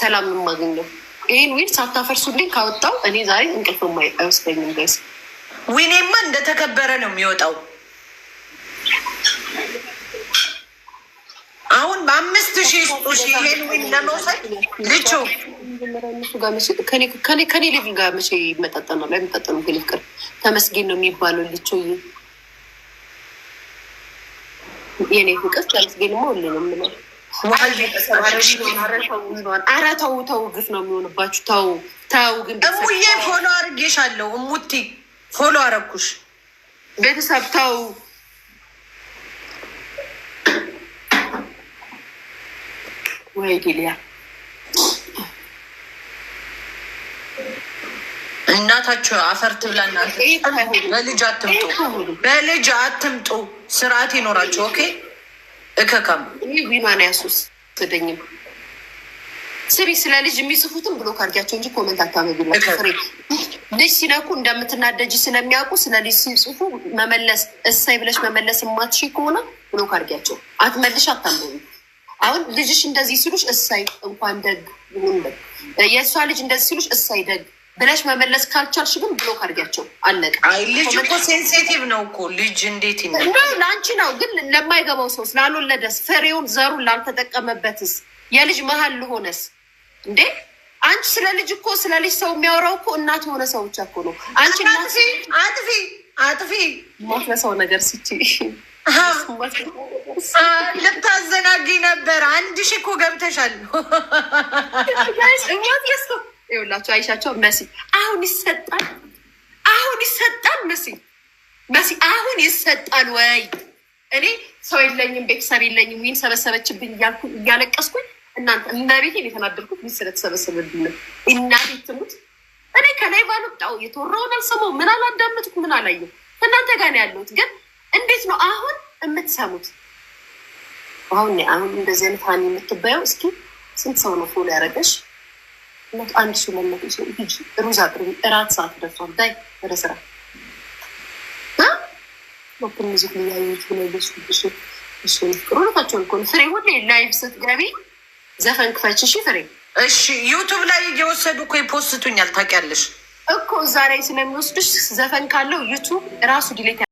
ሰላም የማገኘው። ይህን ዊል ሳታፈርሱልኝ ካወጣው እኔ ዛሬ እንቅልፍ አይወስደኝም። ገስ ዊኔማ እንደተከበረ ነው የሚወጣው። አሁን በአምስት ሺ ስጡ ሺ ይሄን ዊል ለመውሰድ ልቹ ከኔ ሌቪል ጋር መቼ ይመጣጠናል? ላይ የሚጣጠኑ ፍቅር ተመስገን ነው የሚባለው ልቾ የኔ ፍቅር ተመስገን ማ ሁሌ ነው የምለው ኧረ ተው ተው፣ ግፍ ነው የሚሆንባችሁ። ተው ተው። ግን እሙዬ ፎሎ አድርጌሻለሁ። እሙቲ ፎሎ ቤተሰብ ተው። ወይ አፈር ትብላ። እናት በልጅ አትምጡ፣ በልጅ አትምጡ። ስርዓት ኦኬ እከካም ዊማን አያስወስደኝም። ስሪ ስለ ልጅ የሚጽፉትም ብሎ ካርጊያቸው እንጂ ኮመንት አታመግላቸው። ልጅ ሲነኩ እንደምትናደጅ ስለሚያውቁ ስለ ልጅ ሲጽፉ መመለስ እሳይ ብለሽ መመለስ የማትሽ ከሆነ ብሎ ካርጊያቸው አትመልሽ፣ አታመኝ። አሁን ልጅሽ እንደዚህ ሲሉሽ እሳይ እንኳን ደግ ይሁን የእሷ ልጅ እንደዚህ ሲሉሽ እሳይ ደግ ብለሽ መመለስ ካልቻልሽ ግን ብሎክ አድርጊያቸው። አለቀ። ልጅ እኮ ሴንሲቲቭ ነው እኮ ልጅ እንዴት ለአንቺ ነው ግን ለማይገባው ሰውስ፣ ላልወለደስ፣ ፍሬውን ዘሩን ላልተጠቀመበትስ፣ የልጅ መሀል ለሆነስ እንዴ አንቺ ስለ ልጅ እኮ ስለ ልጅ ሰው የሚያወራው እኮ እናት የሆነ ሰው ብቻ እኮ ነው። አንቺ አጥፊ አጥፊ ሞት ለሰው ነገር ስቺ ልታዘናጊ ነበር። አንድ ሺህ እኮ ገብተሻል። ይኸውላችሁ አይሻቸው መሲ አሁን ይሰጣል፣ አሁን ይሰጣል። መሲ መሲ አሁን ይሰጣል ወይ? እኔ ሰው የለኝም ቤተሰብ የለኝም ይህን ሰበሰበችብኝ እያልኩ እያለቀስኩኝ እናንተ እመቤቴን የተናደርኩት ይህ ስለተሰበሰበብኝ ነው። እናቴ ትሙት እኔ ከላይ ባልወጣው የተወራውን አልሰማው ምን አላዳመጥኩ፣ ምን አላየሁ። እናንተ ጋር ነው ያለሁት። ግን እንዴት ነው አሁን የምትሰሙት? አሁን አሁን እንደዚህ አይነት ሀኒ የምትባየው እስኪ ስንት ሰው ነው ፎሎ ያደረገሽ? እናቱ አንድ ሺ ለመቶ ሰው ሂጂ ሩዝ አቅርቢ፣ እራት ሰዓት ደርሷል፣ ዳይ ወደ ስራ ዚ ያዩት ብለሱ ብሱ እሱን ፍቅሩነታቸውን ኮን ፍሬ ሁሌ ላይቭ ስትገቢ ዘፈን ክፈች። እሺ ፍሬ፣ እሺ ዩቱብ ላይ እየወሰዱ እኮ ይፖስቱኛል። ታውቂያለሽ እኮ እዛ ላይ ስለሚወስዱሽ ዘፈን ካለው ዩቱብ ራሱ ዲሌት